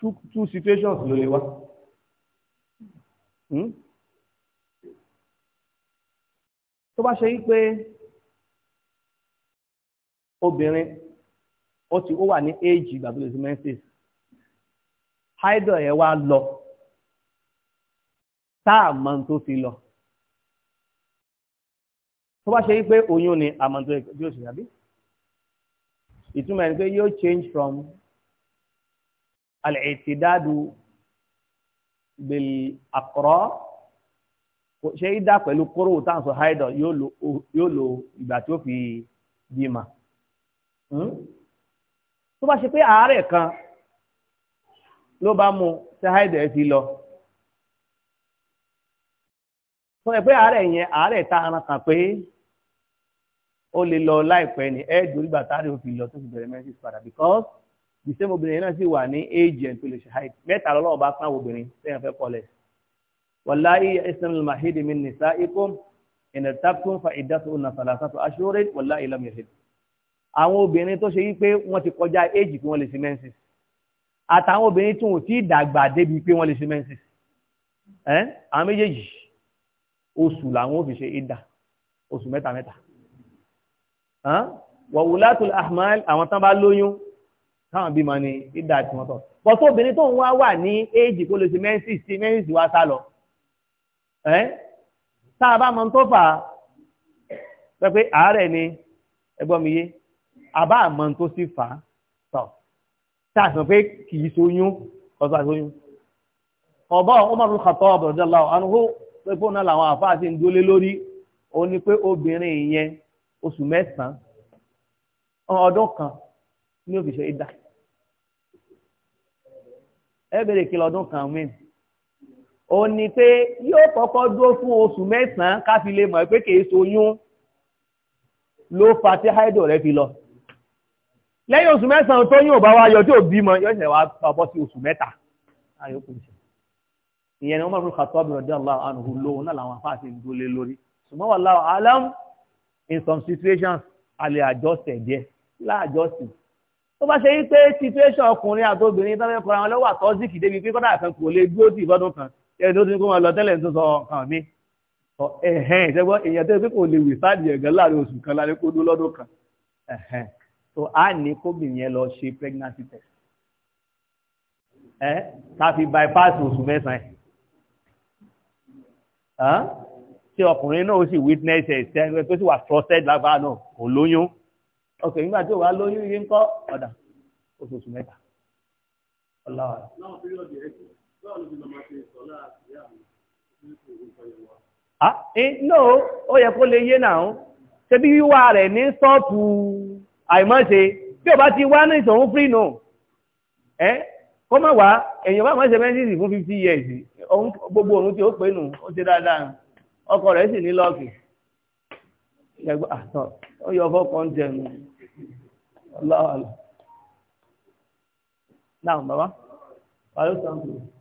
two two situations ló lè wá hmm? tó bá ṣe wípé obìnrin ó ti ó wà ní éèjì ìgbàgbọ́lẹ̀ sí menses haidọ̀ ẹ̀ wá lọ táà mọ́ tó fi lọ tó bá ṣe wípé oyún ni àmọ́ tó yóò ṣe àbí ìtumọ̀ ẹni pé yóò change from al-i'tidadu bil-aqra ṣé ìdá pẹ̀lú kóró táǹsọ̀ haidọ̀ yóò lo ìgbà tí ó fi bímọ hmm? tó bá ṣe pé àárẹ̀ kan ló bá mú tí haidọ̀ ẹ fi lọ sọ ẹ pé àárẹ̀ yẹn àárẹ̀ ta ara kan pé ó lè lọ láìpẹ́ ní ẹ̀ẹ́dùn nígbà táàrí ó fi lọ tó fi bẹ̀rẹ̀ mẹ́sìs padà because the same obìnrin náà sì wà ní age and tó lè ṣe hide mẹ́ta lọ́lọ́wọ́ bá pàwọ́ obìnrin sẹ́yìn fẹ́ kọ́lẹ̀ wàláyé ismail mahidi min nisa ikom ìnà tapkun fa ìdásó ọ̀nà sàlásàtò aṣọ́rẹ́ wàláyé lam yahid àwọn obìnrin tó ṣe yí pé wọ́n ti kọjá age pé wọ́n lè ṣe menses àtàwọn obìnrin tí wọ́n ti dàgbà débi pé wọ́n lè ṣe menses ẹ́ àwọn méjèèjì oṣù làwọn ò fi ṣe ìdá oṣù mẹ́ta mẹ́ta wàwùlátùl ahmal àwọn tán bá lóyún táwọn bímọ ni ìdá tí wọ́n tọ̀ bọ́tò obìnrin tó ń wá wà ní éèjì kó lè ṣe mensis tí mensis wá sá lọ ẹ́ tá a bá mọ tó fà á sọ pé àárẹ̀ ni ẹgbọ́n mi yé àbá àmọ́ tó sì fà á tọ̀ tá a sọ pé kì í ṣoyún ọ̀sán àṣoyún ọ̀bọ̀ Umar bin Khattab radiyallahu anhu pé fóun náà làwọn àfáà ti ń dúlé lórí ó ní pé obìnrin yẹn oṣù mẹ́sàn-án ọdún kan ní òfìṣẹ́ ìdá ẹ bèrè kí lọ́dún kan win ó ní pé yóò kọ́kọ́ dúró fún oṣù mẹ́sàn-án ká fi lè mọ̀ pé kìí soyún ló fa tí haido rẹ fi lọ lẹ́yìn oṣù mẹ́sàn-án tó yóò bá wá yọ tí ò bímọ yóò ṣẹ̀ wá bọ́ sí oṣù mẹ́ta ìyẹn ni wọ́n mọ̀rún Khattab radiyallahu anhu lóhun náà làwọn afá àti ìdúlé lórí ṣùgbọ́n wallahu alam in some situations a lè adjust ẹ̀jẹ̀ láàjọsìn tó bá ṣe yí pé situation ọkùnrin àti obìnrin tó fẹ́ kọra wọn lọ́wọ́ àtọ́síkì débi pé kọ́dà kan kò lè dúró sí ìfọ́dún kan ẹni tó ti kó wọn lọ tẹ́lẹ̀ tó sọ kàn mí ẹ̀hẹ́n ìṣẹ́gbọ́ èèyàn tó pé kò lè wì sáàdì ẹ̀gán láàrin oṣù kan láàrin kó dó lọ́dún kan ẹ̀hẹ́n tó a ní kóbìnrin yẹn lọ ṣe pregnancy test ẹ ká fi bypass oṣù mẹ́sàn-án tí ọkùnrin náà ó sì witness ẹ̀ tó sì wà trusted lágbára náà kò lóyún ọkọ̀ ìgbà tí ò wá lóyún yìí ń kọ́ ọ̀dà oṣooṣù mẹ́ta. ọlọ́wà. a ah, eh, no ó yẹ kó lè yé náà ṣebí wíwá rẹ̀ ní sọ́ọ̀tù àìmọ́ṣe tí ò bá ti wá ní ìṣòwò free no ẹ kọ́ mọ̀ wá èèyàn bá máa ṣe fún fifty years gbogbo òun tí ó pè nù ó ṣe dáadáa ọkọ rẹ̀ sì ní lọ́ọ̀kì ah, ó yọ fọ́kàn jẹun Allahu Akbar. Naam baba. Wa alaikum salam.